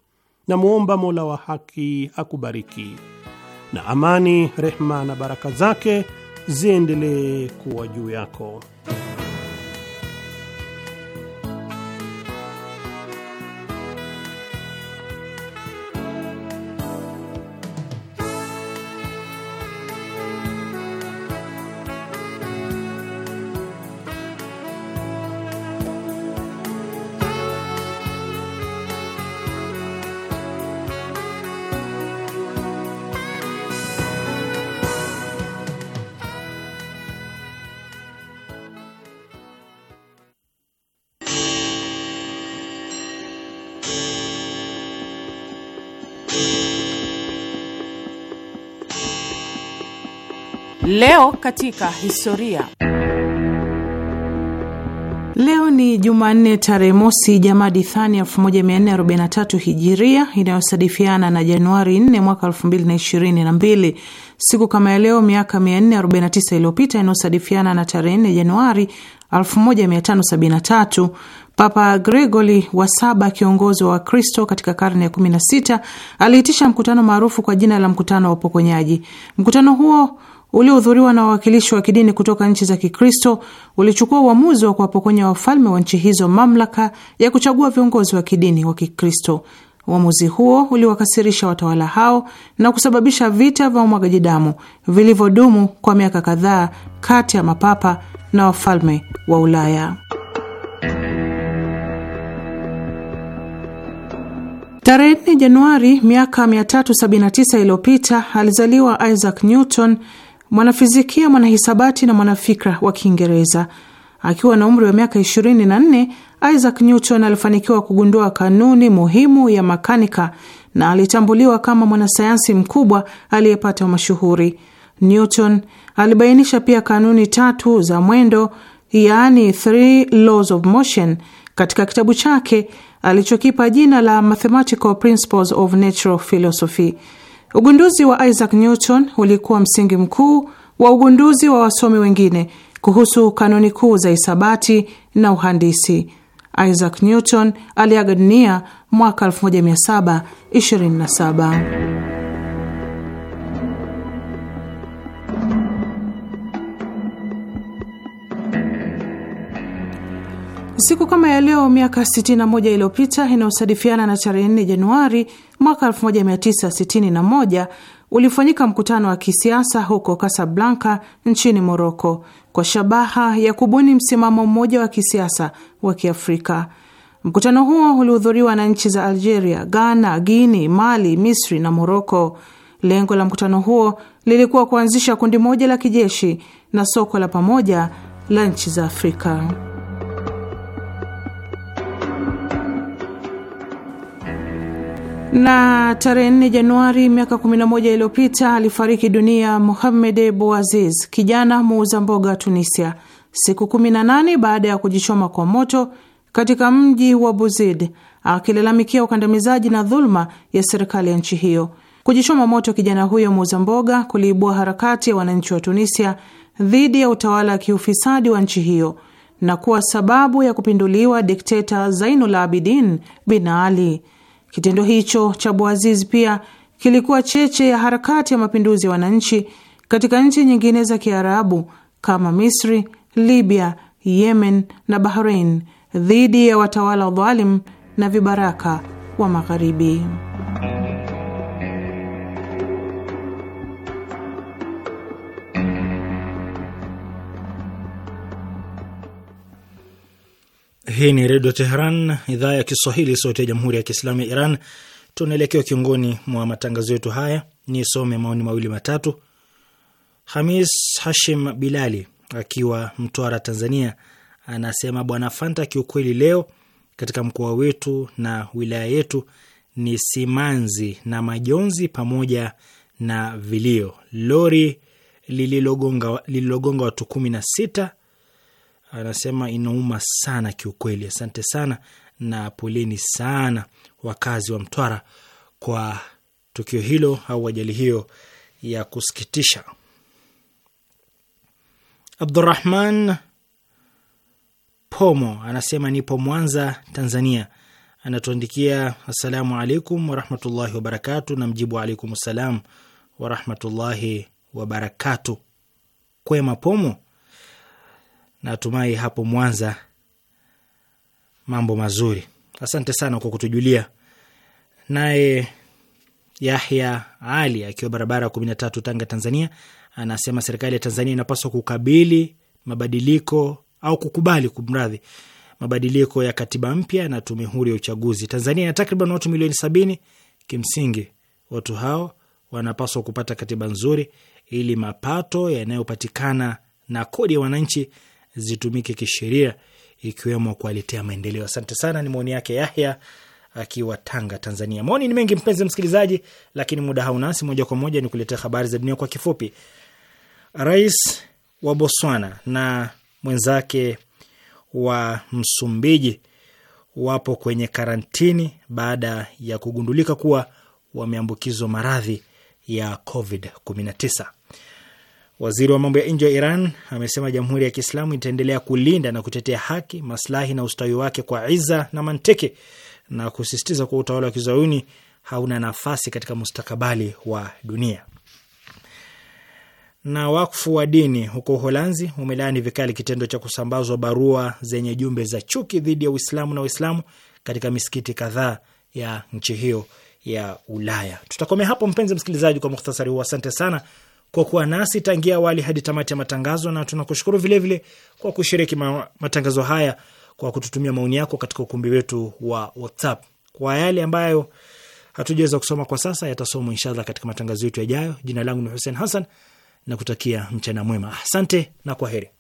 namwomba Mola wa haki akubariki, na amani, rehma na baraka zake ziendelee kuwa juu yako. Leo katika historia. Leo ni Jumanne tarehe mosi Jamadi Thani 1443 Hijiria, inayosadifiana na Januari 4 mwaka 2022. Siku kama ya leo miaka 449 iliyopita, inayosadifiana na tarehe 4 Januari 1573 Papa Gregory wa saba, kiongozi wa Wakristo katika karne ya 16, aliitisha mkutano maarufu kwa jina la mkutano wa upokonyaji. Mkutano huo uliohudhuriwa na wawakilishi wa kidini kutoka nchi za Kikristo ulichukua uamuzi wa kuwapokonya wafalme wa nchi hizo mamlaka ya kuchagua viongozi wa kidini wa Kikristo. Uamuzi huo uliwakasirisha watawala hao na kusababisha vita vya umwagaji damu vilivyodumu kwa miaka kadhaa kati ya mapapa na wafalme wa Ulaya. Tarehe 4 Januari miaka 379 iliyopita alizaliwa Isaac Newton, mwanafizikia, mwanahisabati na mwanafikra wa Kiingereza. Akiwa na umri wa miaka 24, Isaac Newton alifanikiwa kugundua kanuni muhimu ya makanika na alitambuliwa kama mwanasayansi mkubwa aliyepata mashuhuri. Newton alibainisha pia kanuni tatu za mwendo, yaani three laws of motion, katika kitabu chake alichokipa jina la Mathematical Principles of Natural Philosophy. Ugunduzi wa Isaac Newton ulikuwa msingi mkuu wa ugunduzi wa wasomi wengine kuhusu kanuni kuu za hisabati na uhandisi. Isaac Newton aliaga dunia mwaka 1727. Siku kama ya leo miaka 61 iliyopita inayosadifiana na tarehe 4 Januari mwaka 1961 ulifanyika mkutano wa kisiasa huko Casablanca nchini Moroko kwa shabaha ya kubuni msimamo mmoja wa kisiasa wa Kiafrika. Mkutano huo ulihudhuriwa na nchi za Algeria, Ghana, Guinea, Mali, Misri na Moroko. Lengo la mkutano huo lilikuwa kuanzisha kundi moja la kijeshi na soko la pamoja la nchi za Afrika. na tarehe 4 Januari miaka 11 iliyopita alifariki dunia muhammed Bouaziz, kijana muuza mboga Tunisia, siku 18 baada ya kujichoma kwa moto katika mji wa Buzid, akilalamikia ukandamizaji na dhuluma ya serikali ya nchi hiyo. Kujichoma moto kijana huyo muuza mboga kuliibua harakati ya wananchi wa Tunisia dhidi ya utawala wa kiufisadi wa nchi hiyo na kuwa sababu ya kupinduliwa dikteta Zainul Abidin Bin Ali. Kitendo hicho cha boaziz pia kilikuwa cheche ya harakati ya mapinduzi ya wananchi katika nchi nyingine za Kiarabu kama Misri, Libya, Yemen na Bahrain dhidi ya watawala dhalim na vibaraka wa Magharibi. Hii ni Redio Teheran, idhaa ya Kiswahili, sauti ya Jamhuri ya Kiislamu ya Iran. Tunaelekea kiongoni mwa matangazo yetu haya, ni some maoni mawili matatu. Hamis Hashim Bilali akiwa Mtwara, Tanzania, anasema Bwana Fanta, kiukweli leo katika mkoa wetu na wilaya yetu ni simanzi na majonzi pamoja na vilio. Lori lililogonga watu kumi na sita anasema inauma sana kiukweli. Asante sana na poleni sana wakazi wa Mtwara kwa tukio hilo au ajali hiyo ya kusikitisha. Abdurahman Pomo anasema nipo Mwanza, Tanzania. Anatuandikia, assalamu alaikum warahmatullahi wabarakatu. Na mjibu alaikum salam warahmatullahi wabarakatu. Kwema Pomo Natumai hapo Mwanza mambo mazuri. Asante sana kwa kutujulia. Naye Yahya Ali akiwa barabara ya kumi na tatu, Tanga, Tanzania, anasema serikali ya Tanzania inapaswa kukabili mabadiliko au kukubali kumradhi, mabadiliko ya katiba mpya na tume huru ya uchaguzi. Tanzania ina takriban watu milioni sabini. Kimsingi watu hao wanapaswa kupata katiba nzuri ili mapato yanayopatikana na kodi ya wananchi zitumike kisheria ikiwemo kuwaletea maendeleo. Asante sana, ni maoni yake Yahya akiwa Tanga, Tanzania. Maoni ni mengi mpenzi msikilizaji, lakini muda haunasi, moja kwa moja ni kuletea habari za dunia kwa kifupi. Rais wa Botswana na mwenzake wa Msumbiji wapo kwenye karantini baada ya kugundulika kuwa wameambukizwa maradhi ya COVID-19. Waziri wa mambo ya nje wa Iran amesema Jamhuri ya Kiislamu itaendelea kulinda na kutetea haki, maslahi na ustawi wake kwa iza na manteke, na kusisitiza kuwa utawala wa kizayuni hauna nafasi katika mustakabali wa dunia. Na wakfu wa dini huko Uholanzi umelaani vikali kitendo cha kusambazwa barua zenye jumbe za chuki dhidi ya Uislamu na Waislamu katika misikiti kadhaa ya nchi hiyo ya Ulaya. Tutakomea hapo mpenzi msikilizaji, kwa muhtasari huu. Asante sana kwa kuwa nasi tangia awali hadi tamati ya matangazo, na tunakushukuru vilevile kwa kushiriki matangazo haya kwa kututumia maoni yako katika ukumbi wetu wa WhatsApp. Kwa yale ambayo hatujaweza kusoma kwa sasa, yatasomwa inshallah katika matangazo yetu yajayo. Jina langu ni Hussein Hassan na kutakia mchana mwema. Asante na kwa heri.